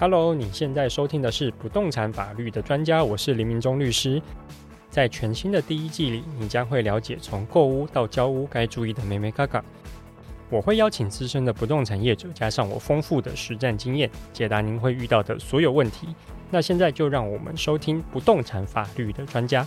Hello，你現在收聽的是不動產法律的專家，我是林明忠律師。在全新的第一季裡，你將會了解從購屋到交屋該注意的眉眉角角。我會邀請資深的不動產業者，加上我豐富的實戰經驗，解答您會遇到的所有問題。那現在就讓我們收聽不動產法律的專家。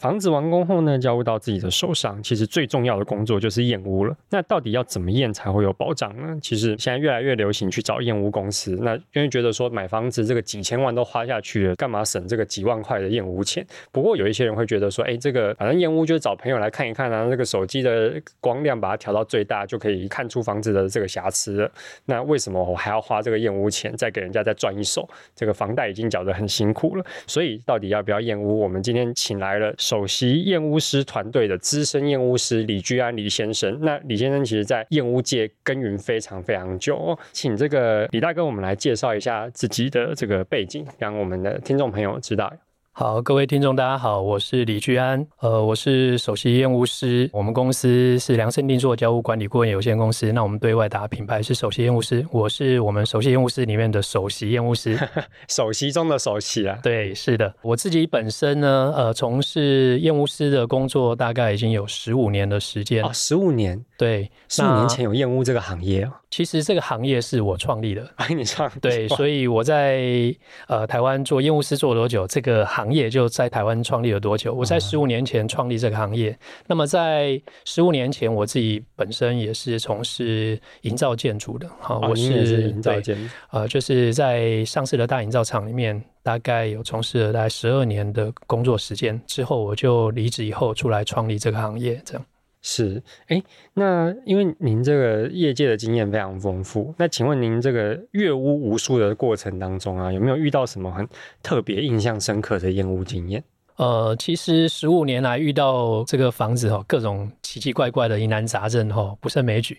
房子完工後呢，交付到自己的手上，其實最重要的工作就是驗屋了。那到底要怎麼驗才會有保障呢？其實現在越來越流行去找驗屋公司。那因為覺得說買房子這個幾千萬都花下去了，幹嘛省這個幾萬塊的驗屋錢？不過有一些人會覺得說，哎、欸，這個反正驗屋就是找朋友來看一看啊，這個手機的光亮把它調到最大就可以看出房子的這個瑕疵了。那為什麼我還要花這個驗屋錢，再給人家再賺一手？這個房貸已經繳得很辛苦了，所以到底要不要驗屋？我們今天請來了。首席驗屋師團隊的資深驗屋師李駒安李先生，那李先生其實在驗屋界耕耘非常非常久，請這個李大哥，我們來介紹一下自己的這個背景，讓我們的聽眾朋友知道。好，各位聽眾，大家好，我是李駒安，呃，我是首席驗屋師。我們公司是量身定做交物管理顧問有限公司。那我們對外打品牌是首席驗屋師，我是我們首席驗屋師裡面的首席驗屋師， 首席中的首席啊。對，是的，我自己本身呢，呃，從事驗屋師的工作大概已經有十五年的時間。啊、哦，十五年，對，十五年前有驗屋這個行業、哦、其實這個行業是我創立的，歡、啊、迎你唱。對，所以我在呃台灣做驗屋師做了多久？這個。行業就在台灣創立了多久？我在十五年前創立這個行業。那麼在十五年前，我自己本身也是從事營造建築的。好，我是營造建築，呃，就是在上市的大營造廠裡面，大概有從事了大概十二年的工作時間。之後我就離職，以後出來創立這個行業，這樣。是，哎，那因為您這個業界的經驗非常豐富，那請問您這個驗屋無數的過程當中啊，有沒有遇到什麼很特別、印象深刻的驗屋經驗？呃，其實十五年來遇到這個房子，哦，各種奇奇怪怪的疑難雜症哈、哦，不勝枚舉。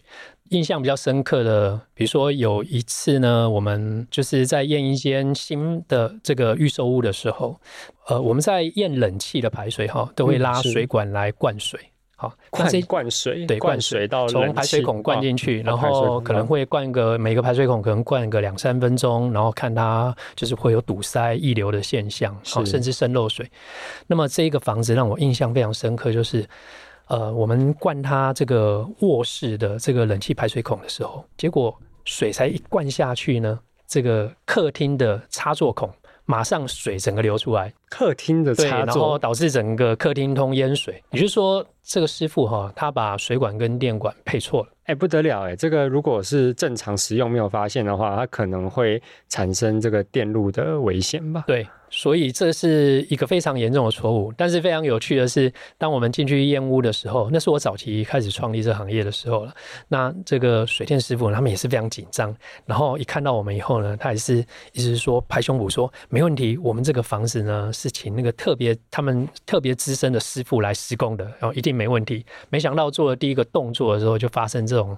印象比較深刻的，比如說有一次呢，我們就是在驗一間新的這個預售屋的時候，呃，我們在驗冷氣的排水哈、哦，都會拉水管來灌水。嗯好，那是灌水，對，灌水到從排水孔灌進去，然後可能會灌個每個排水孔可能灌個兩三分鐘，然後看它就是會有堵塞、溢流的現象，好、啊，甚至滲漏水。那麼這一個房子讓我印象非常深刻，就是呃，我們灌它這個臥室的這個冷氣排水孔的時候，結果水才一灌下去呢，這個客廳的插座孔。馬上水整個流出來，客廳的插座，然後導致整個客廳通淹水。也就是說，這個師傅哈，他把水管跟電管配錯了，哎、欸，不得了哎、欸！這個如果是正常使用沒有發現的話，它可能會產生這個電路的危險吧？對。所以這是一個非常嚴重的錯誤。但是非常有趣的是，當我們進去驗屋的時候，那是我早期開始創立這行業的時候了。那這個水電師傅他們也是非常緊張，然後一看到我們以後呢，他也是一直說拍胸脯說沒問題。我們這個房子呢是請那個特別他們特別資深的師傅來施工的，然後一定沒問題。沒想到做了第一個動作的時候就發生這種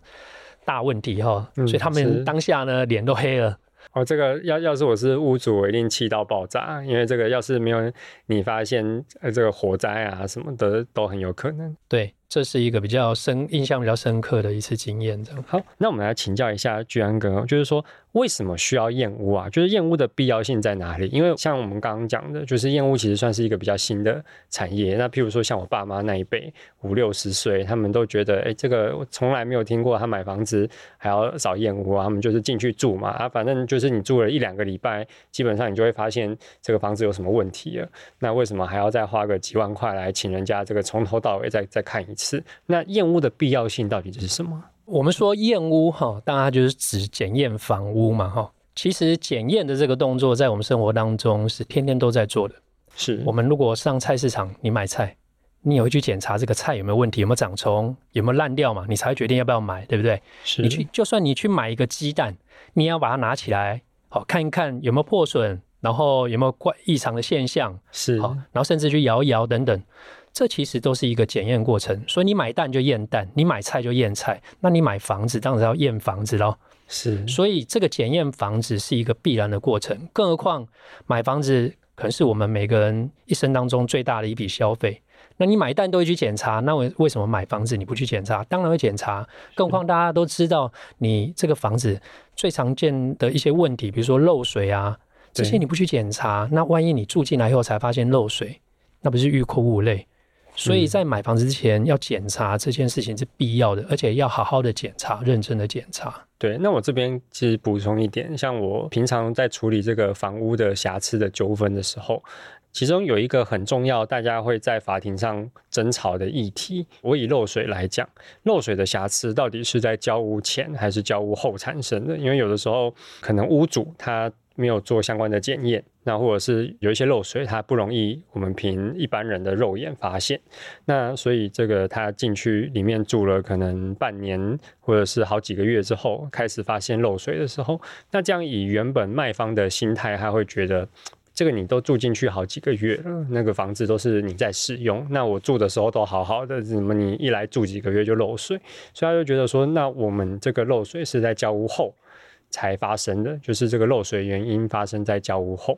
大問題哈，所以他們當下呢臉都黑了。哦，這個要要是我是屋主，我一定氣到爆炸。因為這個要是沒有你發現，呃，這個火災啊什麼的都很有可能。對。這是一個比較深印象，比較深刻的一次經驗這樣。好，那我們來請教一下駒安哥，就是說為什麼需要驗屋啊？就是驗屋的必要性在哪裡？因為像我們剛剛講的，就是驗屋其實算是一個比較新的產業。那譬如說像我爸媽那一輩五六十歲，他們都覺得，哎、欸，這個我從來沒有聽過他買房子還要找驗屋啊，他們就是進去住嘛，啊，反正就是你住了一兩個禮拜，基本上你就會發現這個房子有什麼問題了。那為什麼還要再花個幾萬塊來請人家這個從頭到尾再再看一次？是，那驗屋的必要性到底是什麼？我們說驗屋哈，當然它就是指檢驗房屋嘛哈。其實檢驗的這個動作，在我們生活當中是天天都在做的。是，我們如果上菜市場，你買菜，你也會去檢查這個菜有沒有問題，有沒有長蟲，有沒有爛掉嘛，你才會決定要不要買，對不對？是你去，就算你去買一個雞蛋，你要把它拿起來，好看一看有沒有破損，然後有沒有怪異常的現象，是，好然後甚至去搖一搖等等。這其實都是一個檢驗過程，所以你買蛋就驗蛋，你買菜就驗菜，那你買房子當然要驗房子嘍。是，所以這個檢驗房子是一個必然的過程。更何況買房子可能是我們每個人一生當中最大的一筆消費。那你買蛋都會去檢查，那為為什麼買房子你不去檢查？當然會檢查。更何況大家都知道，你這個房子最常見的一些問題，比如說漏水啊，這些你不去檢查，那萬一你住進來以後才發現漏水，那不是欲哭無淚？所以在買房之前要檢查這件事情是必要的，嗯、而且要好好的檢查、嗯、認真的檢查。對，那我這邊其實補充一點，像我平常在處理這個房屋的瑕疵的糾紛的時候，其中有一個很重要、大家會在法庭上爭吵的議題。我以漏水來講，漏水的瑕疵到底是在交屋前還是交屋後產生的？因為有的時候可能屋主他沒有做相關的檢驗。那或者是有一些漏水，它不容易我們憑一般人的肉眼發現。那所以這個他進去裡面住了可能半年或者是好幾個月之後，開始發現漏水的時候，那這樣以原本賣方的心態，他會覺得這個你都住進去好幾個月了，那個房子都是你在使用，那我住的時候都好好的，怎麼你一來住幾個月就漏水？所以他就覺得說，那我們這個漏水是在交屋後。才發生的，就是這個漏水原因發生在交屋後。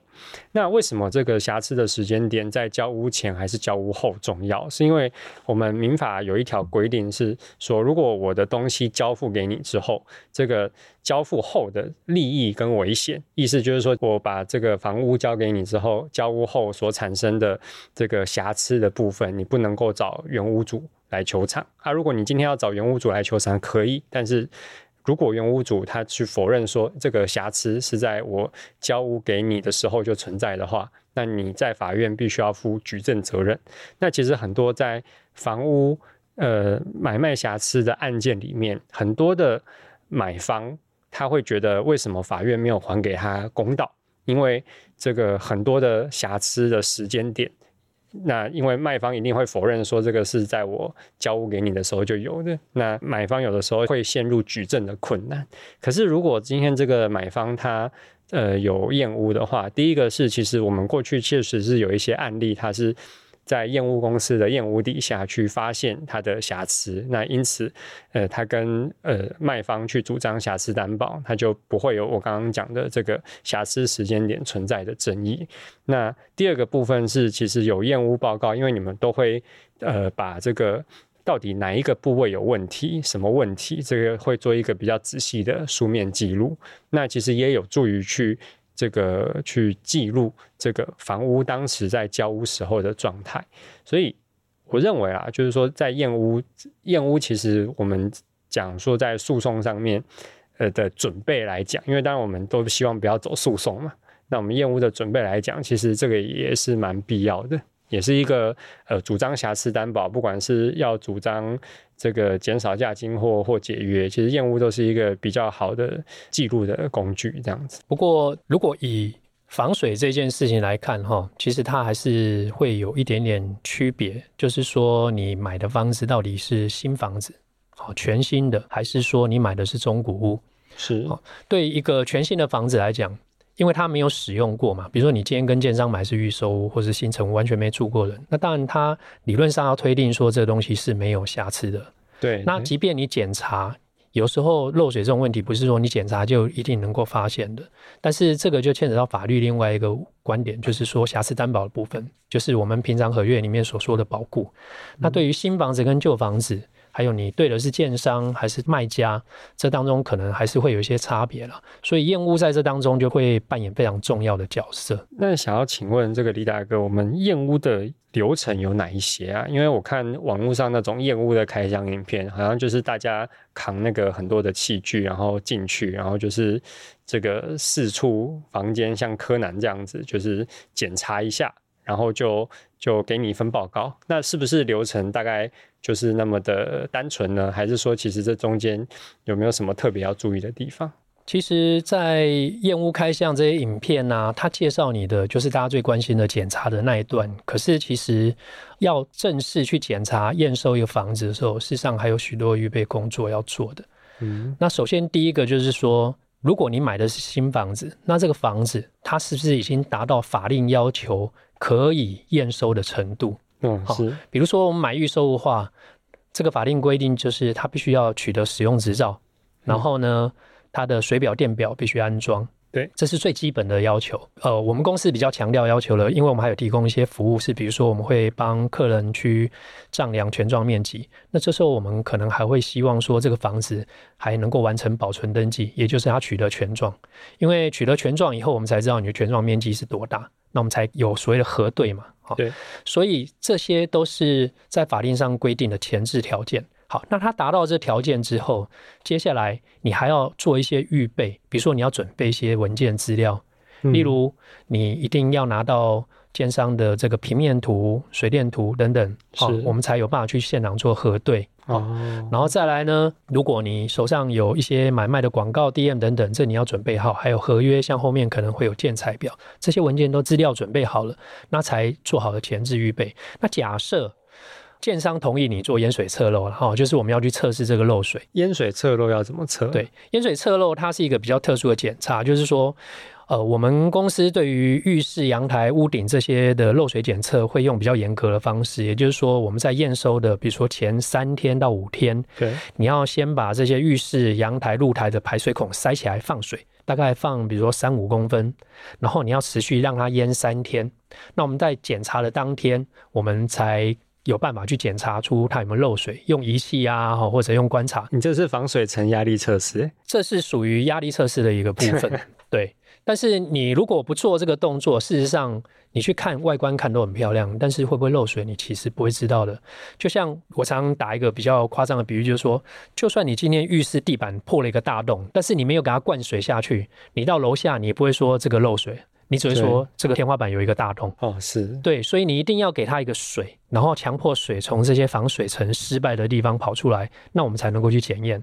那為什麼這個瑕疵的時間點在交屋前還是交屋後重要？是因為我們民法有一條規定是說，如果我的東西交付給你之後，這個交付後的利益跟危險，意思就是說我把這個房屋交給你之後，交屋後所產生的這個瑕疵的部分，你不能夠找原屋主來求償。啊，如果你今天要找原屋主來求償，可以，但是，如果原屋主他去否認說這個瑕疵是在我交屋給你的時候就存在的話，那你在法院必須要負舉證責任。那其實很多在房屋呃買賣瑕疵的案件裡面，很多的買方他會覺得為什麼法院沒有還給他公道？因為這個很多的瑕疵的時間點。那因為賣方一定會否認說這個是在我交屋給你的時候就有的，那買方有的時候會陷入舉證的困難。可是如果今天這個買方他呃有驗屋的話，第一個是其實我們過去確實是有一些案例，它是。在驗屋公司的驗屋底下去發現它的瑕疵，那因此，呃，他跟呃賣方去主張瑕疵擔保，他就不會有我剛剛講的這個瑕疵時間點存在的爭議。那第二個部分是，其實有驗屋報告，因為你們都會呃把這個到底哪一個部位有問題、什麼問題，這個會做一個比較仔細的書面記錄。那其實也有助於去。這個去記錄這個房屋當時在交屋時候的狀態，所以我認為啊，就是說在驗屋驗屋，驗屋其實我們講說在訴訟上面呃的準備來講，因為當然我們都希望不要走訴訟嘛，那我們驗屋的準備來講，其實這個也是蠻必要的。也是一個呃，主張瑕疵擔保，不管是要主張這個減少價金或或解約，其實驗屋都是一個比較好的記錄的工具這樣子。不過，如果以防水這件事情來看哈，其實它還是會有一點點區別，就是說你買的房子到底是新房子，好全新的，還是說你買的是中古屋？是。對於一個全新的房子來講。因為他沒有使用過嘛，比如說你今天跟建商買是預售屋或是新成屋完全沒住過人，那當然他理論上要推定說這東西是沒有瑕疵的。對，那即便你檢查，有時候漏水這種問題不是說你檢查就一定能夠發現的。但是這個就牽扯到法律另外一個觀點，就是說瑕疵擔保的部分，就是我們平常合約裡面所說的保固。嗯、那對於新房子跟舊房子，還有你對的是建商還是賣家，這當中可能還是會有一些差別了。所以驗屋在這當中就會扮演非常重要的角色。那想要請問這個李大哥，我們驗屋的流程有哪一些啊？因為我看網絡上那種驗屋的開箱影片，好像就是大家扛那個很多的器具，然後進去，然後就是這個四處房間，像柯南這樣子，就是檢查一下，然後就就給你一份報告。那是不是流程大概？就是那麼的單純呢？還是說，其實這中間有沒有什麼特別要注意的地方？其實，在驗屋開箱這些影片啊，它介紹你的就是大家最關心的檢查的那一段。可是，其實要正式去檢查驗收一個房子的時候，事實上還有許多預備工作要做的。嗯，那首先第一個就是說，如果你買的是新房子，那這個房子它是不是已經達到法令要求可以驗收的程度？嗯好，是。比如說我們買預售的話，這個法定規定就是它必須要取得使用執照。嗯，然後呢，它的水表、電表必須安裝。對，這是最基本的要求。呃，我們公司比較強調要求了，因為我們還有提供一些服務是，是比如說我們會幫客人去丈量權狀面積。那這時候我們可能還會希望說這個房子還能夠完成保存登記，也就是它取得權狀，因為取得權狀以後，我們才知道你的權狀面積是多大，那我們才有所謂的核對嘛。對，所以這些都是在法令上規定的前置條件。好，那他達到這條件之後，接下來你還要做一些預備，比如說你要準備一些文件資料，例如你一定要拿到建商的這個平面圖、水電圖等等，好，我們才有辦法去現場做核對。哦，然後再來呢？如果你手上有一些買賣的廣告、DM 等等，這你要準備好，還有合約，像後面可能會有建材表，這些文件都資料準備好了，那才做好了前置預備。那假設建商同意你做淹水測漏然後，哦，就是我們要去測試這個漏水。淹水測漏要怎麼測？對，淹水測漏它是一個比較特殊的檢查，就是說。呃，我們公司對於浴室、陽台、屋頂這些的漏水檢測會用比較嚴格的方式，也就是說，我們在驗收的，比如說前三天到五天，對、okay，你要先把這些浴室、陽台、露台的排水孔塞起來放水，大概放比如說三五公分，然後你要持續讓它淹三天。那我們在檢查的當天，我們才有辦法去檢查出它有沒有漏水，用儀器啊，或者用觀察。你這是防水層壓力測試，這是屬於壓力測試的一個部分， 對。但是你如果不做這個動作，事實上你去看外觀看都很漂亮，但是會不會漏水，你其實不會知道的。就像我常打一個比較誇張的比喻，就是說，就算你今天浴室地板破了一個大洞，但是你沒有給它灌水下去，你到樓下你也不會說這個漏水，你只會說這個天花板有一個大洞。哦，是對，所以你一定要給它一個水，然後強迫水從這些防水層失敗的地方跑出來，那我們才能夠去檢驗。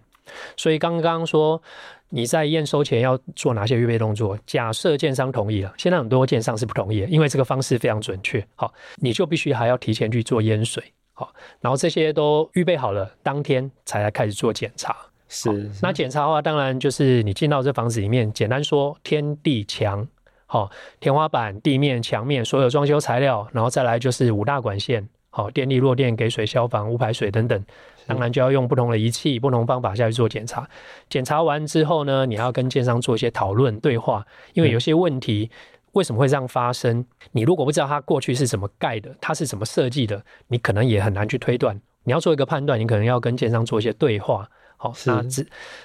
所以剛剛說你在驗收前要做哪些預備動作？假設建商同意了，現在很多建商是不同意的，因為這個方式非常準確。好，你就必須還要提前去做淹水。好，然後這些都預備好了，當天才來開始做檢查。是，那檢查的話，當然就是你進到這房子裡面，簡單說，天地牆，好，天花板、地面、牆面所有裝修材料，然後再來就是五大管線，好，電力、弱電、給水、消防、污排水等等。當然就要用不同的儀器、不同方法下去做檢查。檢查完之後呢，你要跟建商做一些討論對話，因為有些問題為什麼會這樣發生，嗯、你如果不知道它過去是怎麼蓋的，它是怎麼設計的，你可能也很難去推斷。你要做一個判斷，你可能要跟建商做一些對話。好，是那這，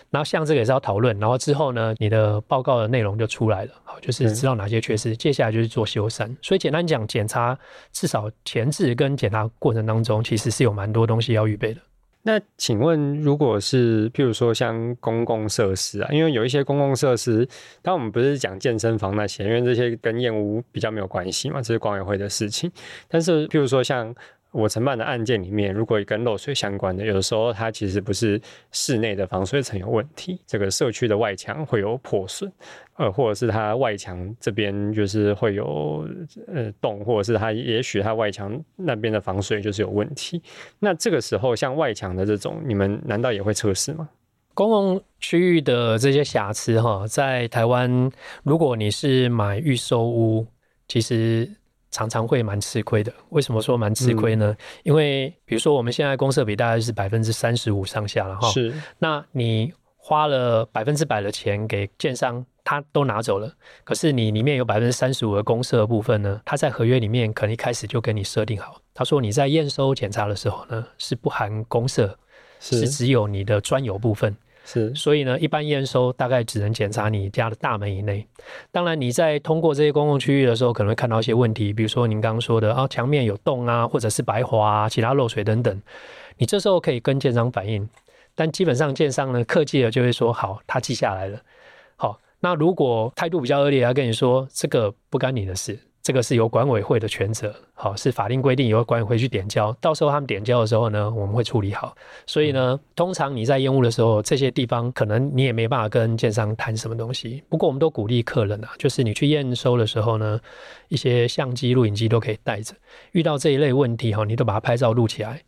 然後像這個也是要討論，然後之後呢，你的報告的內容就出來了。好，就是知道哪些缺失，嗯、接下來就是做修繕。所以簡單講，檢查至少前置跟檢查過程當中，其實是有蠻多東西要預備的。那請問，如果是譬如說像公共設施啊，因為有一些公共設施，當然我們不是講健身房那些，因為這些跟驗屋比較沒有關係嘛，這是管委會的事情。但是譬如說像。我承辦的案件裡面，如果跟漏水相關的，有的時候它其實不是室內的防水層有問題，這個社區的外牆會有破損，呃，或者是它外牆這邊就是會有呃洞，或者是它也許它外牆那邊的防水就是有問題。那這個時候像外牆的這種，你們難道也會測試嗎？公共區域的這些瑕疵哈，在台灣，如果你是買預售屋，其實。常常會蠻吃虧的。為什麼說蠻吃虧呢？嗯，因為比如說我們現在公社設比大概是百分之三十五上下了哈。是。那你花了百分之百的錢給建商，他都拿走了。可是你裡面有百分之三十五的公設的部分呢，他在合約裡面可能一開始就跟你設定好，他說你在驗收檢查的時候呢，是不含公設，是，是只有你的專有部分。是，所以呢，一般驗收大概只能檢查你家的大門以內。當然，你在通過這些公共區域的時候，可能會看到一些問題，比如說您剛剛說的啊，牆面有洞啊，或者是白華啊，其他漏水等等。你這時候可以跟建商反映，但基本上建商呢，客氣了就會說好，他記下來了。好，那如果態度比較惡劣，他跟你說這個不干你的事。這個是由管委會的權責，好，是法令規定由管委會去點交，到時候他們點交的時候呢，我們會處理好。所以呢、嗯，通常你在驗屋的時候，這些地方可能你也沒辦法跟建商談什麼東西。不過我們都鼓勵客人啊，就是你去驗收的時候呢，一些相機、錄影機都可以帶着，遇到這一類問題哈，你都把它拍照錄起來。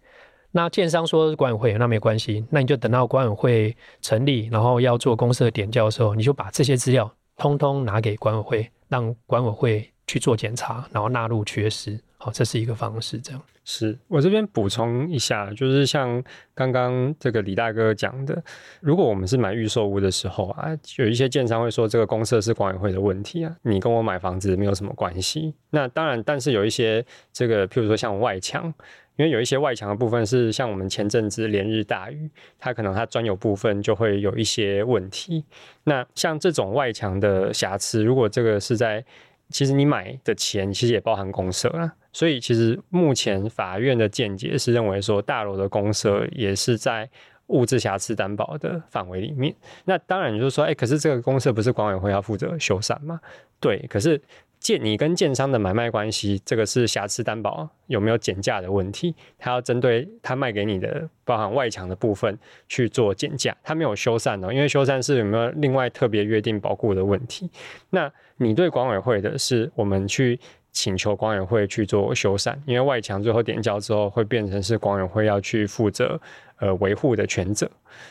那建商說管委會那沒關係，那你就等到管委會成立，然後要做公設點交的時候，你就把這些資料通通拿給管委會，讓管委會。去做檢查，然後納入缺失，好，這是一個方式。這樣是我這邊補充一下，就是像剛剛這個李大哥講的，如果我們是買預售屋的時候啊，有一些建商會說這個公設是管委會的問題啊，你跟我買房子沒有什麼關係。那當然，但是有一些這個，譬如說像外牆，因為有一些外牆的部分是像我們前陣子連日大雨，它可能它專有部分就會有一些問題。那像這種外牆的瑕疵，如果這個是在其實你買的錢其實也包含公設了，所以其實目前法院的見解是認為說大樓的公設也是在物質瑕疵擔保的範圍裡面。那當然就是說，哎、欸，可是這個公設不是管委會要負責修繕嗎？對，可是。建你跟建商的買賣關係，這個是瑕疵擔保有沒有減價的問題？他要針對他賣給你的包含外牆的部分去做減價，他沒有修繕哦。因為修繕是有沒有另外特別約定保固的問題？那你對管委會的是，我們去請求管委會去做修繕，因為外牆最後點交之後會變成是管委會要去負責呃維護的權責，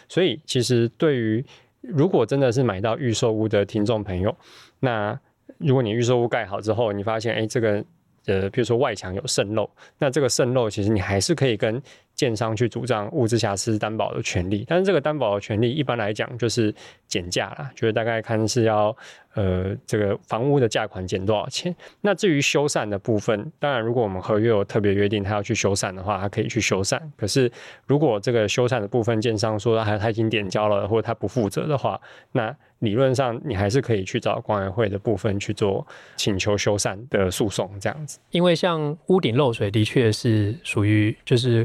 所以其實對於如果真的是買到預售屋的聽眾朋友，那。如果你預售屋蓋好之後，你發現哎、欸，這個呃，比如說外牆有滲漏，那這個滲漏其實你還是可以跟建商去主張物之瑕疵擔保的權利，但是這個擔保的權利一般來講就是減價啦，就是大概看是要呃這個房屋的價款減多少錢。那至於修繕的部分，當然如果我們合約有特別約定，他要去修繕的話，他可以去修繕。可是如果這個修繕的部分建商說他、啊、他已經點交了，或者他不負責的話，那理論上你還是可以去找管委會的部分去做請求修繕的訴訟這樣子。因為像屋頂漏水的確是屬於就是。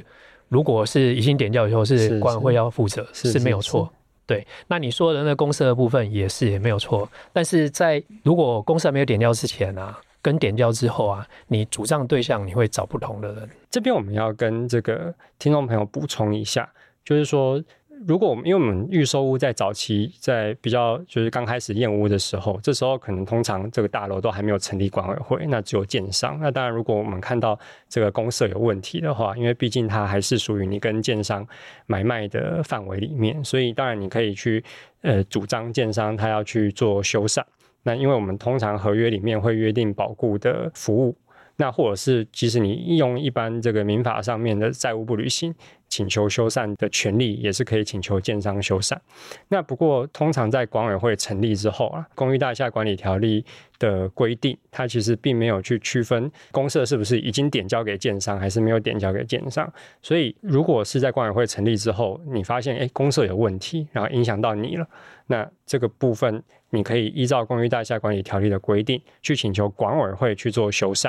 如果是已經點掉以後，是官要負責，是管委會要負責，是沒有錯。是是是是對，那你說人的那個公設的部分也是也沒有錯。但是在如果公設還沒有點掉之前啊，跟點掉之後啊，你主張對象你會找不同的人。這邊我們要跟這個聽眾朋友補充一下，就是說。如果我們，因為我們預售屋在早期，在比較就是剛開始驗屋的時候，這時候可能通常這個大樓都還沒有成立管委會，那只有建商。那當然，如果我們看到這個公設有問題的話，因為畢竟它還是屬於你跟建商買賣的範圍裡面，所以當然你可以去呃主張建商他要去做修繕。那因為我們通常合約裡面會約定保固的服務。那或者是，即使你用一般這個民法上面的債務不履行請求修繕的權利，也是可以請求建商修繕。那不過通常在管委會成立之後啊，公寓大廈管理條例的規定，它其實並沒有去區分公設是不是已經點交給建商，還是沒有點交給建商。所以如果是在管委會成立之後，你發現誒公設有問題，然後影響到你了，那這個部分。你可以依照《公寓大廈管理條例》的規定去請求管委會去做修繕。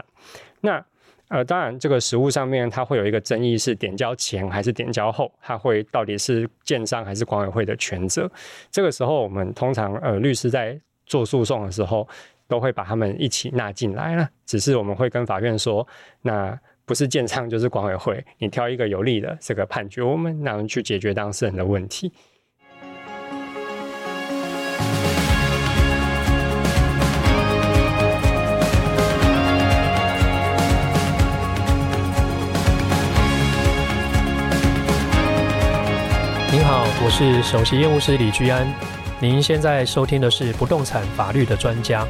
那，呃，當然，這個實務上面，它會有一個爭議，是點交前還是點交後，它會到底是建商還是管委會的權責。這個時候，我們通常，呃，律師在做訴訟的時候，都會把他們一起納進來了。只是我們會跟法院說，那不是建商就是管委會，你挑一個有利的這個判決，我們哪能去解決當事人的問題。您好，我是首席驗屋師李駒安。您現在收聽的是不動產法律的專家。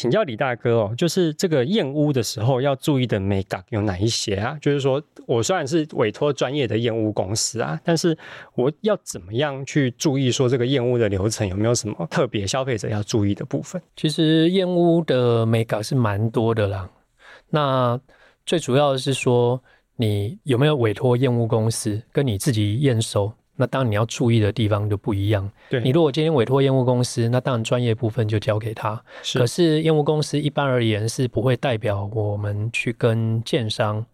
請教李大哥哦，就是這個驗屋的時候要注意的眉角有哪一些啊？就是說我雖然是委託專業的驗屋公司啊，但是我要怎麼樣去注意說這個驗屋的流程有沒有什麼特別消費者要注意的部分？其實驗屋的眉角是蠻多的啦，那最主要的是說你有沒有委託驗屋公司跟你自己驗收。那當然你要注意的地方就不一樣。對，你如果今天委托驗屋公司，那當然專業部分就交給他。是，可是驗屋公司一般而言是不會代表我們去跟建商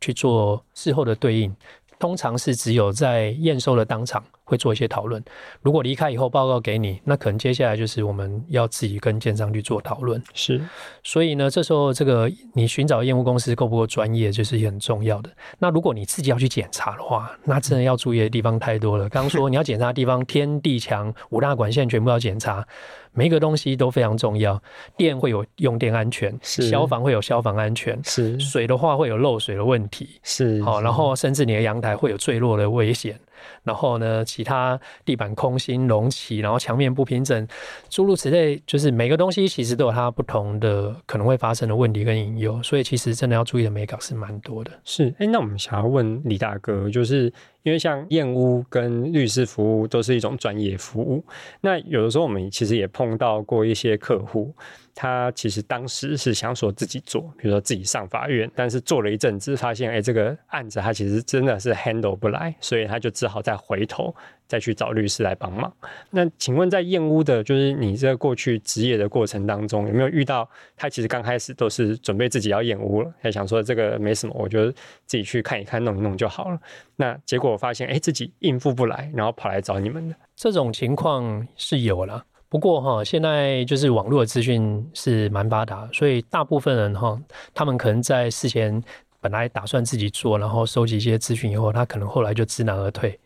去做事後的對應，通常是只有在驗收的當場，會做一些討論。如果離開以後報告給你，那可能接下來就是我們要自己跟建商去做討論。是，所以呢，這時候這個你尋找驗屋公司夠不夠專業，就是很重要的。那如果你自己要去檢查的話，那真的要注意的地方太多了。剛、嗯、剛說你要檢查的地方， 天、地、牆、五大管線全部要檢查，每一個東西都非常重要。電會有用電安全，消防會有消防安全，是水的話會有漏水的問題，是好、哦，然後甚至你的陽台會有墜落的危險。然後呢，其他地板空心隆起，然後牆面不平整，諸如此類，就是每個東西其實都有它不同的可能會發生的問題跟隱憂，所以其實真的要注意的眉角是蠻多的。是、欸，那我們想要問李大哥，嗯、就是。因為像驗屋跟律師服務都是一種專業服務，那有的時候我們其實也碰到過一些客戶，他其實當時是想說自己做，比如說自己上法院，但是做了一陣子發現，哎、欸，這個案子他其實真的是 handle 不來，所以他就只好再回頭。再去找律師來幫忙。那請問，在驗屋的，就是你這個過去職業的過程當中，有沒有遇到他？其實剛開始都是準備自己要驗屋了，他想說這個沒什麼，我覺得自己去看一看，弄一弄就好了。那結果我發現，哎、欸，自己應付不來，然後跑來找你們的這種情況是有了。不過哈，現在就是網絡資訊是蠻發達，所以大部分人哈，他們可能在事前。本來打算自己做，然後收集一些資訊，以後他可能後來就知難而退。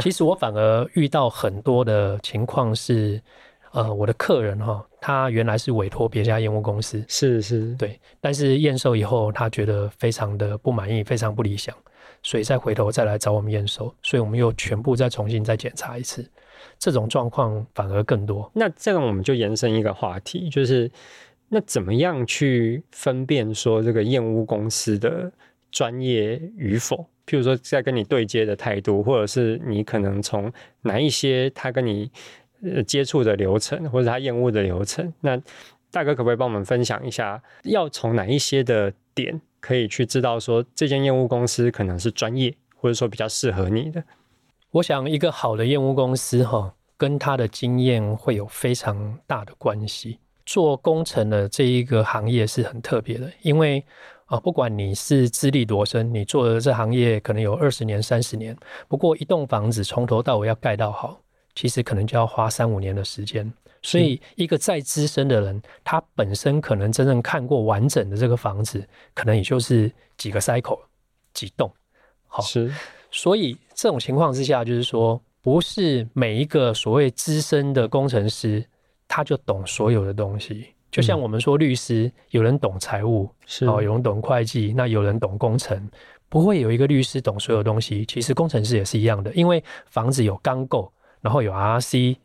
其實我反而遇到很多的情況是， 呃，我的客人哈，他原來是委託別家驗屋公司，是是，對。但是驗收以後，他覺得非常的不滿意，非常不理想，所以再回頭再來找我們驗收，所以我們又全部再重新再檢查一次。這種狀況反而更多。那這樣我們就延伸一個話題，就是那怎麼樣去分辨說這個驗屋公司的？專業與否，譬如說，在跟你對接的態度，或者是你可能從哪一些他跟你呃接觸的流程，或者他驗屋的流程，那大哥可不可以幫我們分享一下，要從哪一些的點可以去知道說，這間驗屋公司可能是專業，或者說比較適合你的？我想，一個好的驗屋公司哈、哦，跟他的經驗會有非常大的關係。做工程的這一個行業是很特別的，因為。啊，不管你是資歷多深，你做的這行業可能有二十年、三十年。不過，一棟房子從頭到尾要蓋到好，其實可能就要花三五年的時間。所以，一個再資深的人，他本身可能真正看過完整的這個房子，可能也就是幾個 cycle，幾棟。好，是。所以這種情況之下，就是說，不是每一個所謂資深的工程師，他就懂所有的東西。就像我們說，律師、嗯、有人懂財務，是哦，有人懂會計，那有人懂工程，不會有一個律師懂所有東西。其實工程師也是一樣的，因為房子有鋼構，然後有 RC，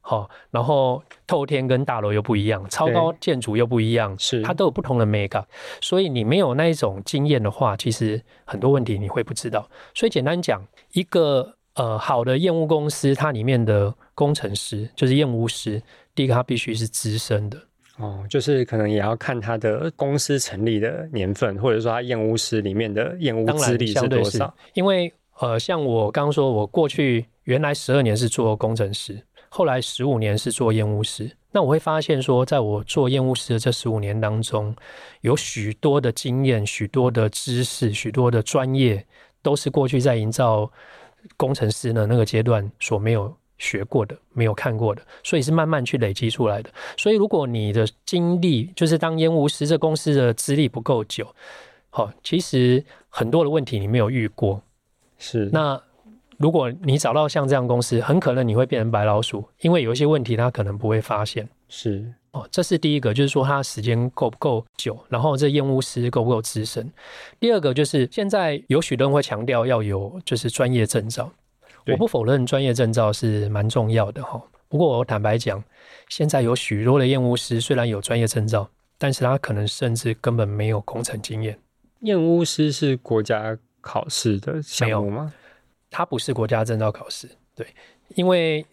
好、哦，然後透天跟大樓又不一樣，超高建築又不一樣，是，它都有不同的眉角。所以你沒有那一種經驗的話，其實很多問題你會不知道。所以簡單講，一個呃好的驗屋公司，它裡面的工程師就是驗屋師，第一個他必須是資深的。哦，就是可能也要看他的公司成立的年份，或者說他驗屋師裡面的驗屋資歷相對多少。因為呃，像我剛剛說，我過去原來十二年是做工程師，後來十五年是做驗屋師。那我會發現說，在我做驗屋師的這十五年當中，有許多的經驗、許多的知識、許多的專業，都是過去在營造工程師的那個階段所沒有學過的沒有看過的，所以是慢慢去累積出來的。所以如果你的經歷就是當驗屋師，這公司的資歷不夠久，好、哦，其實很多的問題你沒有遇過。是，那如果你找到像這樣公司，很可能你會變成白老鼠，因為有一些問題他可能不會發現。是，哦，這是第一個，就是說他時間夠不夠久，然後這驗屋師夠不夠資深。第二個就是現在有許多人會強調要有就是專業證照。我不否認專業證照是蠻重要的哈，不過我坦白講，現在有許多的驗屋師雖然有專業證照，但是他可能甚至根本沒有工程經驗。驗屋師是國家考試的項目嗎？他不是國家證照考試，對，因為。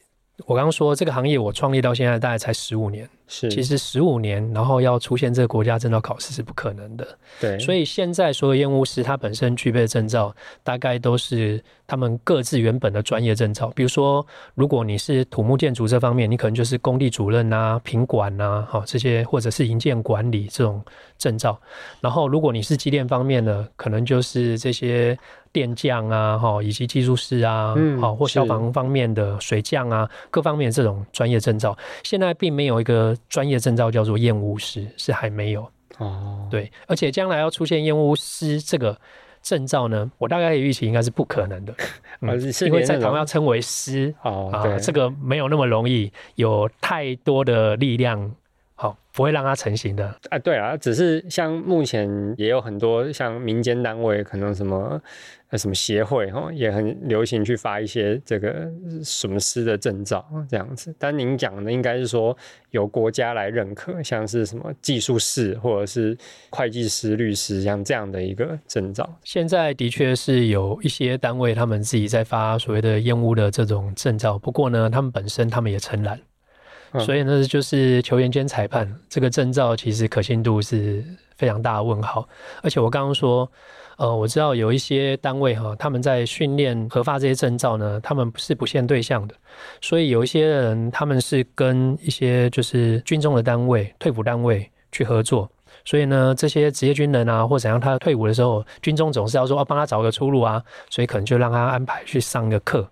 我剛剛說這個行業，我創立到現在大概才十五年，是其實十五年，然後要出現這個國家證照考試是不可能的。對，所以現在所有驗屋師他本身具備的證照，大概都是他們各自原本的專業證照。比如說，如果你是土木建築這方面，你可能就是工地主任啊、品管啊、哈這些，或者是營建管理這種證照。然後，如果你是機電方面的，可能就是這些。電匠啊，哈，以及技術師啊，好、嗯、或消防方面的水匠啊，各方面這種專業證照，現在並沒有一個專業證照叫做驗屋師，是還沒有哦。對，而且將來要出現驗屋師這個證照呢，我大概也預期應該是不可能的，嗯啊、因為在台灣稱為師啊、哦呃，這個沒有那麼容易，有太多的力量。不會讓它成型的啊，對啊，只是像目前也有很多像民間單位，可能什麼什麼協會哈，也很流行去發一些這個什麼師的證照這樣子。但您講的應該是說由國家來認可，像是什麼技術師或者是會計師、律師像這樣的一個證照。現在的確是有一些單位他們自己在發所謂的驗屋的這種證照，不過呢，他們本身他們也承認。所以呢，就是球員兼裁判、嗯、這個證照，其實可信度是非常大的問號。而且我剛剛說，呃，我知道有一些單位哈，他們在訓練核發這些證照呢，他們是不限對象的。所以有一些人，他們是跟一些就是軍中的單位、退伍單位去合作。所以呢，這些職業軍人啊，或者想讓他退伍的時候，軍中總是要說哦，幫他找個出路啊，所以可能就讓他安排去上個課。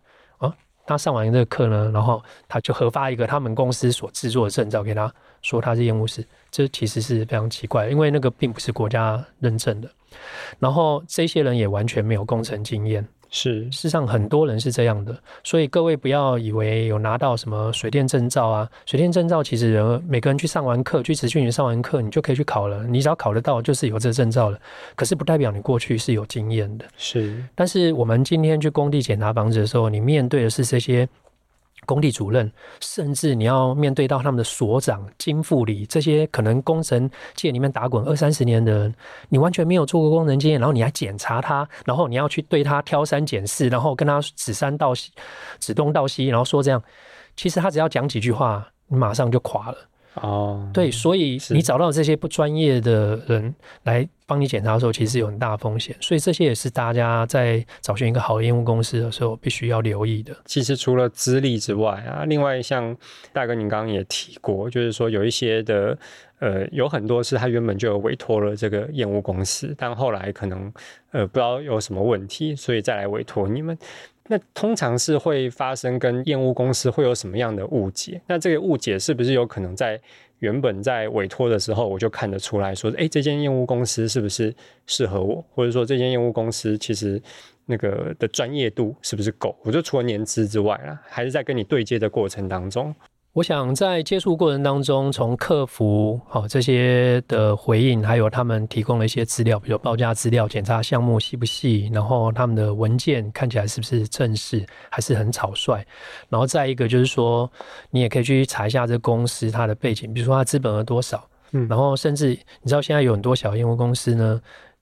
他上完這個課呢，然後他就核發一個他們公司所製作的證照給他，說他是驗屋師。這其實是非常奇怪，因為那個並不是國家認證的，然後這些人也完全沒有工程經驗。是，事實上很多人是這樣的，所以各位不要以為有拿到什麼水電證照啊，水電證照其實人每個人去上完課，去培訓營上完課，你就可以去考了，你只要考得到就是有這個證照了。可是不代表你過去是有經驗的，是。但是我們今天去工地檢查房子的時候，你面對的是這些。工地主任，甚至你要面對到他們的所長金副理，這些可能工程界裡面打滾二三十年的人，你完全沒有做過工程經驗，然後你還檢查他，然後你要去對他挑三揀四，然後跟他指三道西，指東道西，然後說這樣，其實他只要講幾句話，你馬上就垮了。哦，對，所以你找到這些不專業的人來幫你檢查的時候，其實有很大的風險，嗯。所以這些也是大家在找尋一個好的驗屋公司的時候必須要留意的。其實除了資歷之外啊，另外像大哥，你剛剛也提過，就是說有一些的，呃，有很多是他原本就有委託了這個驗屋公司，但後來可能呃不知道有什麼問題，所以再來委託你們。那通常是會發生跟驗屋公司會有什麼樣的誤解？那這個誤解是不是有可能在原本在委託的時候，我就看得出來說，哎、欸，這間驗屋公司是不是適合我？或者說，這間驗屋公司其實那個的專業度是不是夠？我就除了年資之外啦，還是在跟你對接的過程當中。我想在接觸過程當中，從客服好、哦、這些的回應，還有他們提供了一些資料，比如報價資料、檢查項目細不細，然後他們的文件看起來是不是正式，還是很草率。然後再一個就是說，你也可以去查一下這公司它的背景，比如說它資本額多少，嗯，然後甚至你知道現在有很多小驗屋公司呢，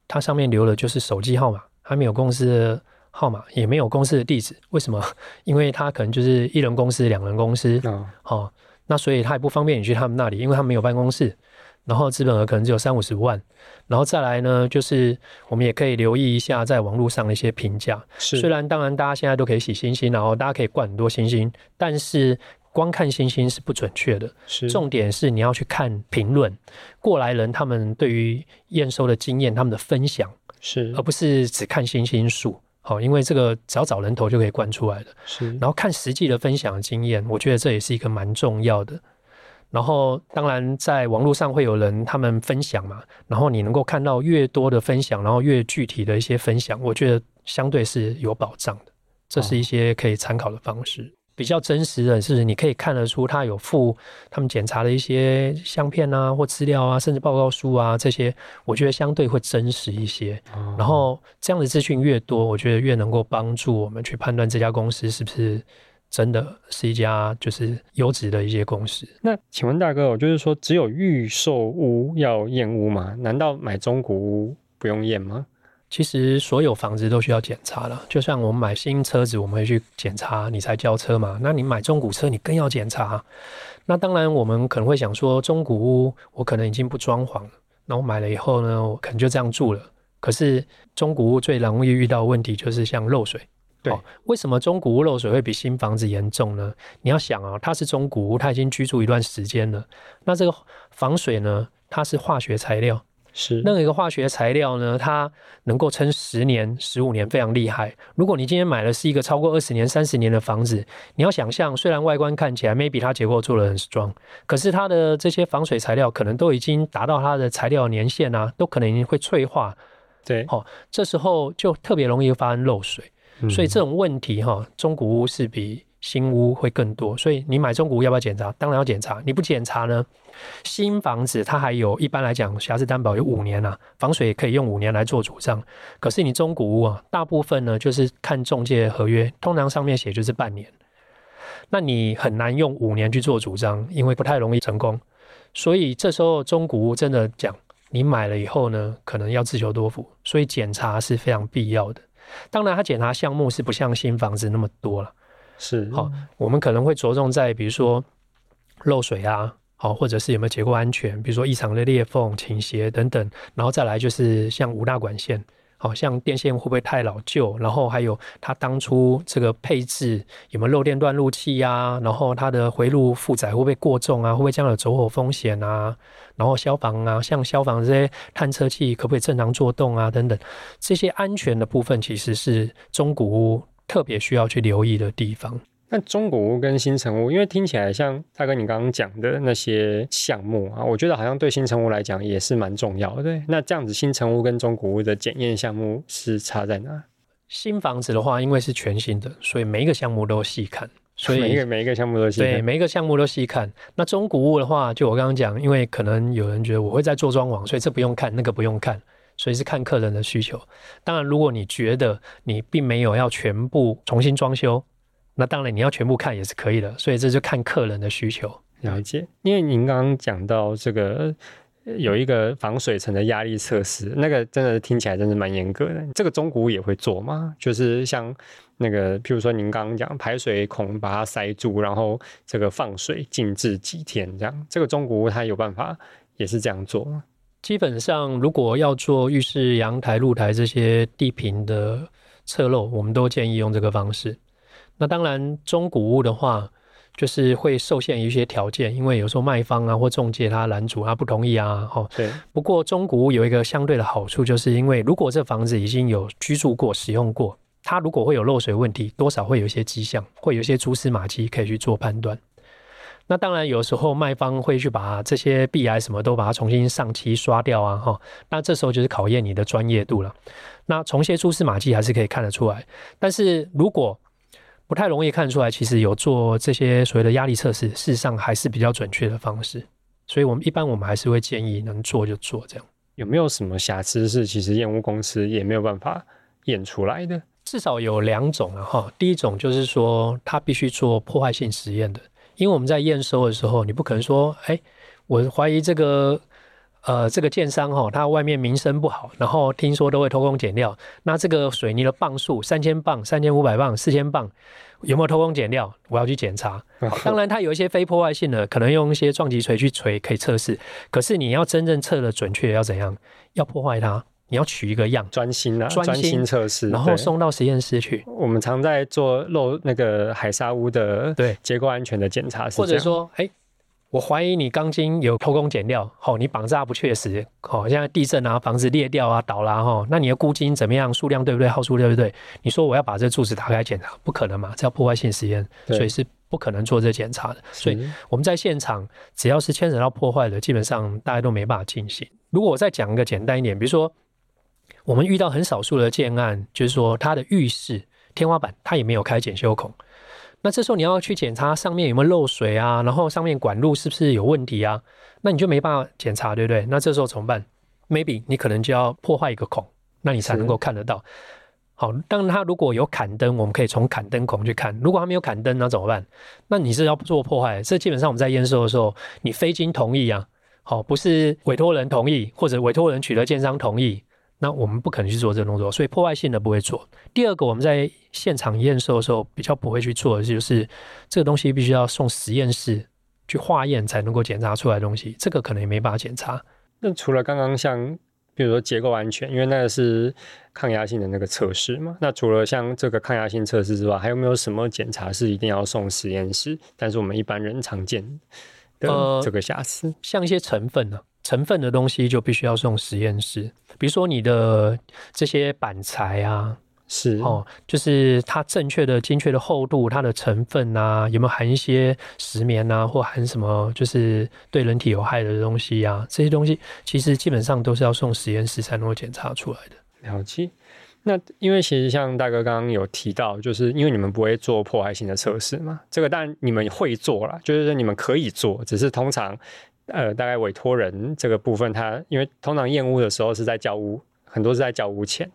它上面留的就是手機號碼，還沒有公司的。號碼也沒有公司的地址，為什麼？因為他可能就是一人公司、兩人公司，uh. 哦，那所以他也不方便你去他們那裡，因為他們沒有辦公室。然後資本額可能只有三五十萬。然後再來呢，就是我們也可以留意一下在網絡上的一些評價。是，雖然當然大家現在都可以洗星星，然後大家可以灌很多星星，但是光看星星是不準確的。是，重點是你要去看評論，過來人他們對於驗收的經驗，他們的分享是，而不是只看星星數。好，因為這個只要找人頭就可以灌出來的。是，然後看實際的分享的經驗，我覺得這也是一個蠻重要的。然後，當然在網絡上會有人他們分享嘛，然後你能夠看到越多的分享，然後越具體的一些分享，我覺得相對是有保障的。這是一些可以參考的方式。嗯比較真實的是，你可以看得出他有附他們檢查的一些相片啊，或資料啊，甚至報告書啊，這些我覺得相對會真實一些。然後這樣的資訊越多，我覺得越能夠幫助我們去判斷這家公司是不是真的是一家就是優質的一些公司。那請問大哥，我就是說只有預售屋要驗屋嗎？難道買中古屋不用驗嗎？其實所有房子都需要檢查了，就像我們買新車子，我們會去檢查，你才交車嘛。那你買中古車，你更要檢查。那當然，我們可能會想說，中古屋我可能已經不裝潢了，那我買了以後呢，我可能就這樣住了。嗯。可是中古屋最容易遇到的問題就是像漏水。對。哦，為什麼中古屋漏水會比新房子嚴重呢？你要想啊，它是中古屋，它已經居住一段時間了，那這個防水呢，它是化學材料。是那個一個化學材料呢，它能夠撐十年、十五年，非常厲害。如果你今天買的是一個超過二十年、三十年的房子，你要想象，雖然外觀看起來 maybe 它結構做得很 strong，可是它的這些防水材料可能都已經達到它的材料的年限啊，都可能已經會脆化。對，好，這時候就特別容易發生漏水。所以這種問題哈，中古屋是比新屋會更多，所以你買中古屋要不要檢查？當然要檢查。你不檢查呢，新房子它還有一般來講瑕疵擔保有五年啦、啊，防水也可以用五年來做主張。可是你中古屋啊，大部分呢就是看仲介合約，通常上面寫就是半年，那你很難用五年去做主張，因為不太容易成功。所以這時候中古屋真的講，你買了以後呢，可能要自求多福。所以檢查是非常必要的。當然，它檢查項目是不像新房子那麼多了。是好，我們可能會着重在比如說漏水啊，好，或者是有沒有結構安全，比如說異常的裂縫、傾斜等等。然後再來就是像五大管線，好像電線會不會太老舊？然後還有它當初這個配置有沒有漏電斷路器啊？然後它的回路負載會不會過重啊？會不會將有走火風險啊？然後消防啊，像消防這些探測器可不可以正常作動啊？等等，這些安全的部分其實是中古屋，特別需要去留意的地方。那中古屋跟新成屋，因為聽起來像他跟你剛剛講的那些項目啊，我覺得好像對新成屋來講也是蠻重要的。對，那這樣子，新成屋跟中古屋的檢驗項目是差在哪？新房子的話，因為是全新的，所以每一個項目都細看。所以每一個每一個項目都細看。對，每一個項目都細看。那中古屋的話，就我剛剛講，因為可能有人覺得我會在做裝潢，所以這不用看，那個不用看。所以是看客人的需求。當然，如果你覺得你並沒有要全部重新裝修，那當然你要全部看也是可以的。所以這就看客人的需求。了解，因為您剛剛講到這個有一個防水層的壓力測試，那個真的聽起來真的是蠻嚴格的。這個中古屋也會做嗎？就是像那個，譬如說您剛剛講排水孔把它塞住，然後這個放水靜置幾天這樣，這個中古屋它有辦法也是這樣做。基本上，如果要做浴室、陽台、露台這些地坪的測漏，我們都建議用這個方式。那當然，中古屋的話，就是會受限於一些條件，因為有時候賣方啊或仲介他攔阻啊不同意啊，吼。對。不過中古屋有一個相對的好處，就是因為如果這房子已經有居住過、使用過，它如果會有漏水問題，多少會有一些跡象，會有一些蛛絲馬跡可以去做判斷。那當然，有時候賣方會去把這些壁癌什麼都把它重新上漆刷掉啊哈，那這時候就是考驗你的專業度了。那從些蛛絲馬跡還是可以看得出來，但是如果不太容易看得出來，其實有做這些所謂的壓力測試，事實上還是比較準確的方式。所以我們一般我們還是會建議能做就做這樣。有沒有什麼瑕疵是其實驗屋公司也沒有辦法驗出來的？至少有兩種啊哈，第一種就是說它必須做破壞性實驗的。因為我們在驗收的時候，你不可能說，哎，我懷疑這個，呃，這個建商，哈、哦，他外面名聲不好，然後聽說都會偷工減料。那這個水泥的磅數，三千磅、三千五百磅、四千磅，有沒有偷工減料？我要去檢查。啊、當然，它有一些非破壞性的，可能用一些撞擊錘去錘可以測試。可是你要真正測的準確，要怎樣？要破壞它。你要取一個樣，專心啊專心測試，然後送到實驗室去。我們常在做漏那個海砂屋的對結構安全的檢查的，或者說，哎、欸，我懷疑你鋼筋有偷工減料，吼、喔，你綁扎不確實，好、喔，現在地震啊，房子裂掉啊，倒了哈、喔，那你的箍筋怎麼樣？數量對不對？號數對不對？你說我要把這柱子打開檢查，不可能嘛？這要破壞性實驗，所以是不可能做這檢查的。所以我們在現場，只要是牽扯到破壞的，基本上大家都沒辦法進行。如果我再講一個簡單一點，比如說。我們遇到很少數的建案，就是說它的浴室天花板它也沒有開檢修孔，那這時候你要去檢查上面有沒有漏水啊，然後上面管路是不是有問題啊，那你就沒辦法檢查，對不對？那這時候怎麼辦？Maybe 你可能就要破壞一個孔，那你才能夠看得到。好，當然它如果有砍燈，我們可以從砍燈孔去看。如果它沒有砍燈，那怎麼辦？那你是要做破壞？這基本上我們在驗收的時候，你非經同意啊，好，不是委託人同意，或者委託人取得建商同意。那我們不可能去做這個動作，所以破壞性的不會做。第二個，我們在現場驗收的時候比較不會去做的，就是這個東西必須要送實驗室去化驗才能夠檢查出來的東西，這個可能也沒辦法檢查。那除了剛剛像，比如說結構安全，因為那個是抗壓性的那個測試嘛。那除了像這個抗壓性測試之外，還有沒有什麼檢查是一定要送實驗室？但是我們一般人常見的這個瑕疵、呃，像一些成分呢、啊？成分的東西就必須要送實驗室，比如說你的這些板材啊，是哦，就是它正確的、精確的厚度，它的成分啊，有沒有含一些石棉啊，或含什麼，就是對人體有害的東西啊，這些東西其實基本上都是要送實驗室才能夠檢查出來的。了解。那因為其實像大哥剛剛有提到，就是因為你們不會做破壞性的測試嘛，這個當然你們會做啦，就是說你們可以做，只是通常。呃，大概委託人這個部分他，他因為通常驗屋的時候是在交屋，很多是在交屋前。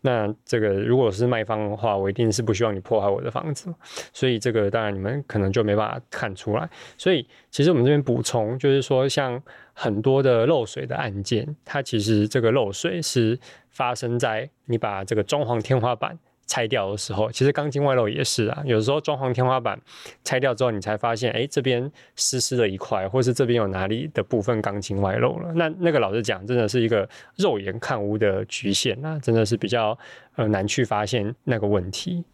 那這個如果是賣方的話，我一定是不希望你破壞我的房子，所以這個當然你們可能就沒辦法看出來。所以其實我們這邊補充就是說，像很多的漏水的案件，它其實這個漏水是發生在你把這個裝潢天花板。拆掉的時候，其實鋼筋外露也是啊。有時候裝潢天花板拆掉之後，你才發現，哎、欸，這邊濕濕的一塊，或是這邊有哪裡的部分鋼筋外露了。那那個老實講，真的是一個肉眼看屋的局限啊，真的是比較呃難去發現那個問題。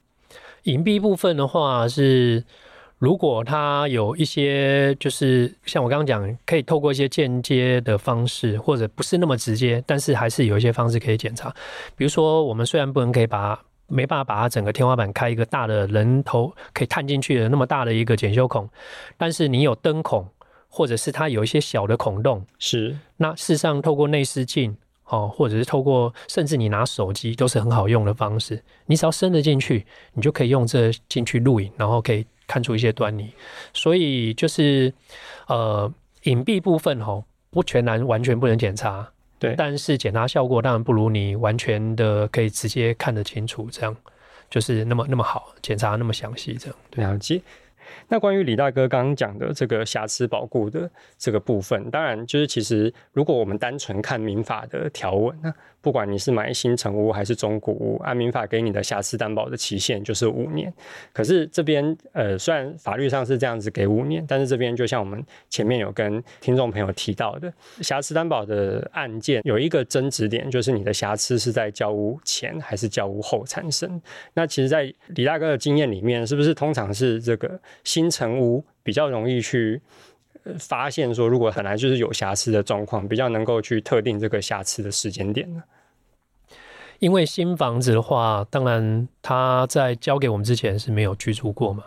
隱蔽部分的話是，如果它有一些，就是像我剛剛講，可以透過一些間接的方式，或者不是那麼直接，但是還是有一些方式可以檢查。比如說，我們雖然不能可以把沒辦法把它整個天花板開一個大的人頭可以探進去的那麼大的一個檢修孔，但是你有燈孔，或者是它有一些小的孔洞，是那事實上透過內視鏡哦，或者是透過甚至你拿手機都是很好用的方式，你只要伸得進去，你就可以用這進去錄影，然後可以看出一些端倪。所以就是呃隱蔽部分吼、哦，不全然完全不能檢查。對，但是檢查效果當然不如你完全的可以直接看得清楚，這樣就是那麼那麼好檢查那麼詳細這樣。對。了解。那關於李大哥剛剛講的這個瑕疵保固的這個部分，當然就是其實如果我們單純看民法的條文呢、啊。不管你是買新成屋還是中古屋，按民法給你的瑕疵擔保的期限就是五年。可是這邊呃，雖然法律上是這樣子給五年，但是這邊就像我們前面有跟聽眾朋友提到的，瑕疵擔保的案件有一個爭執點，就是你的瑕疵是在交屋前還是交屋後產生。那其實，在李大哥的經驗裡面，是不是通常是這個新成屋比較容易去發現說，如果本來就是有瑕疵的狀況，比較能夠去特定這個瑕疵的時間點呢？因為新房子的話，當然它在交給我們之前是沒有居住過嘛，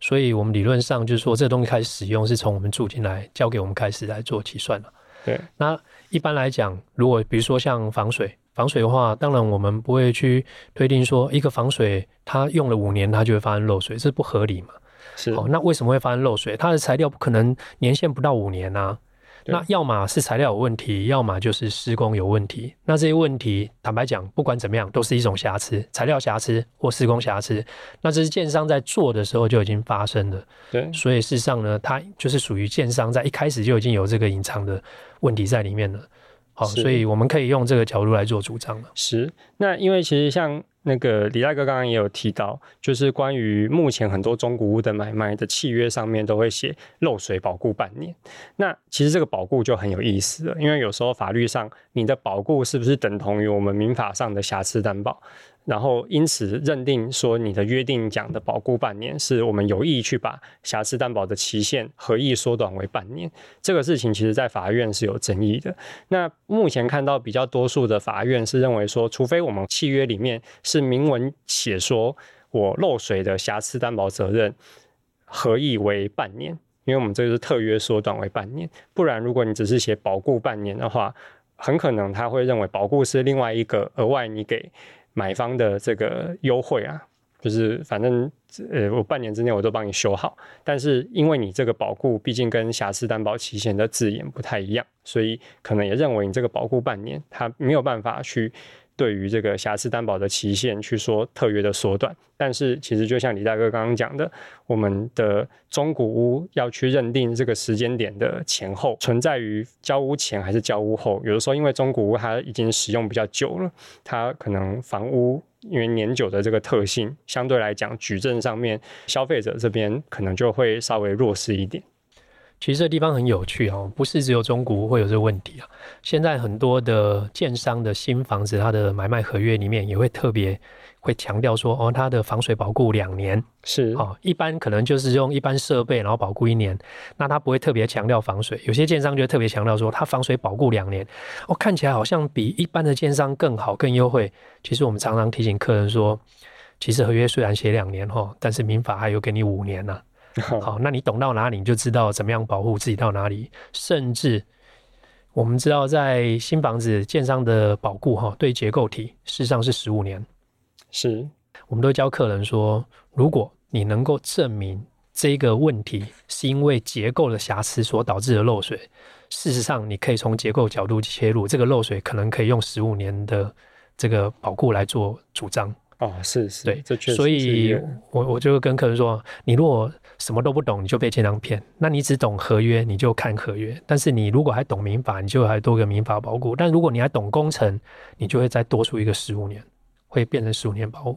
所以我們理論上就是說，這個東西開始使用是從我們住進來交給我們開始來做計算的。對，那一般來講，如果比如說像防水，防水的話，當然我們不會去推定說一個防水它用了五年它就會發生漏水，這不合理嘛？是。好，那為什麼會發生漏水？它的材料不可能年限不到五年啊。那要麼是材料有問題，要麼就是施工有問題。那這些問題，坦白講，不管怎麼樣，都是一種瑕疵，材料瑕疵或施工瑕疵。那這是建商在做的時候就已經發生了。對，所以事實上呢，它就是屬於建商在一開始就已經有這個隱藏的問題在裡面了。好，所以我們可以用這個角度來做主張了。是，那因為其實像。那個李大哥剛剛也有提到，就是關於目前很多中古屋的買賣的契約上面都會寫漏水保固半年。那其實這個保固就很有意思了，因為有時候法律上你的保固是不是等同於我們民法上的瑕疵擔保？然後因此認定說，你的約定講的保固半年是我們有意去把瑕疵擔保的期限合意縮短為半年，這個事情其實，在法院是有爭議的。那目前看到比較多數的法院是認為說，除非我們契約裡面是明文寫說我漏水的瑕疵擔保責任合意為半年，因為我們這個是特約縮短為半年，不然如果你只是寫保固半年的話，很可能他會認為保固是另外一個額外你給。買方的這個優惠啊，就是反正呃，我半年之內我都幫你修好。但是因為你這個保固，畢竟跟瑕疵擔保期限的字眼不太一樣，所以可能也認為你這個保固半年，他沒有辦法去。對於這個瑕疵擔保的期限，去說特約的縮短，但是其實就像李大哥剛剛講的，我們的中古屋要去認定這個時間點的前後，存在於交屋前還是交屋後，有的時候因為中古屋它已經使用比較久了，它可能房屋因為年久的這個特性，相對來講，舉證上面消費者這邊可能就會稍微弱勢一點。其實這地方很有趣哦，不是只有中古會有這個問題啊。現在很多的建商的新房子，它的買賣合約裡面也會特別會強調說，哦，它的防水保固兩年是哦，一般可能就是用一般設備，然後保固一年，那它不會特別強調防水。有些建商就會特別強調說，它防水保固兩年，哦，看起來好像比一般的建商更好更優惠。其實我們常常提醒客人說，其實合約雖然寫兩年哈、哦，但是民法還有給你五年呢、啊。 好，那你懂到哪裡，你就知道怎麼樣保護自己到哪裡。甚至我們知道，在新房子建商的保固哈，對結構體事實上是十五年。是，我們都教客人說，如果你能夠證明這個問題是因為結構的瑕疵所導致的漏水，事實上你可以從結構角度切入，這個漏水可能可以用十五年的這個保固來做主張。哦，是是，對，這確實是。所以我，我我就跟客人說，你如果什麼都不懂，你就被建商騙；那你只懂合約，你就看合約；但是你如果還懂民法，你就還多個民法保護；但如果你還懂工程，你就會再多出一個十五年，會變成十五年保固。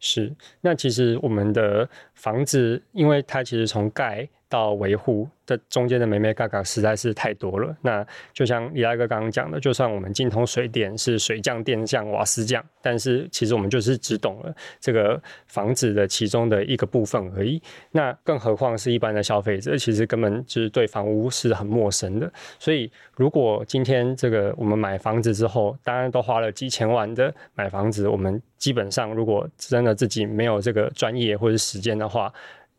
是，那其實我們的房子，因為它其實從蓋。到維護這中間的眉眉角角，實在是太多了。那就像李大哥剛剛講的，就算我們精通水電是水匠、電匠、瓦斯匠，但是其實我們就是只懂了這個房子的其中的一個部分而已。那更何況是一般的消費者，其實根本就是對房屋是很陌生的。所以，如果今天這個我們買房子之後，當然都花了幾千萬的買房子，我們基本上如果真的自己沒有這個專業或者時間的話，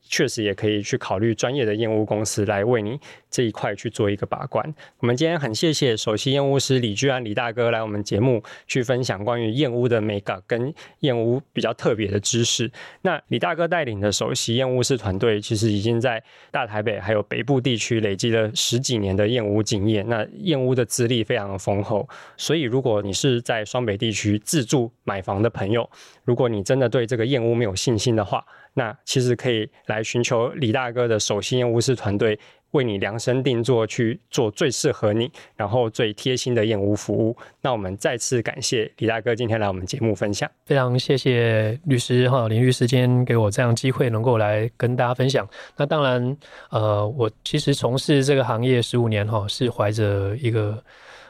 確實也可以去考慮專業的驗屋公司來為你這一塊去做一個把關。我們今天很謝謝首席驗屋師李駒安李大哥來我們節目去分享關於驗屋的眉角跟驗屋比較特別的知識。那李大哥帶領的首席驗屋師團隊其實已經在大台北還有北部地區累積了十幾年的驗屋經驗，那驗屋的資歷非常的豐厚。所以如果你是在雙北地區自住買房的朋友，如果你真的對這個驗屋沒有信心的話，那其實可以來尋求李大哥的首席驗屋師團隊為你量身定做，去做最適合你，然後最貼心的驗屋服務。那我們再次感謝李大哥今天來我們節目分享，非常謝謝律師哈，林律師，今天給我這樣機會能夠來跟大家分享。那當然，呃，我其實從事這個行業十五年哈，是懷着一個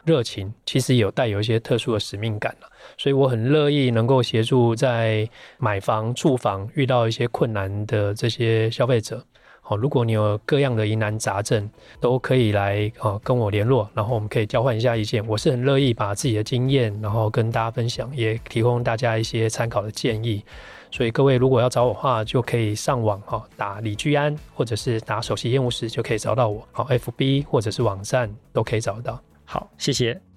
熱情其實有帶有一些特殊的使命感了、啊，所以我很樂意能夠協助在買房、住房遇到一些困難的這些消費者。好，如果你有各樣的疑難雜症，都可以來、啊、跟我聯絡，然後我們可以交換一下意見。我是很樂意把自己的經驗，然後跟大家分享，也提供大家一些參考的建議。所以各位如果要找我的話，就可以上網哈，打李駒安，或者是打首席驗屋師就可以找到我。好，FB 或者是網站都可以找到。好，謝謝。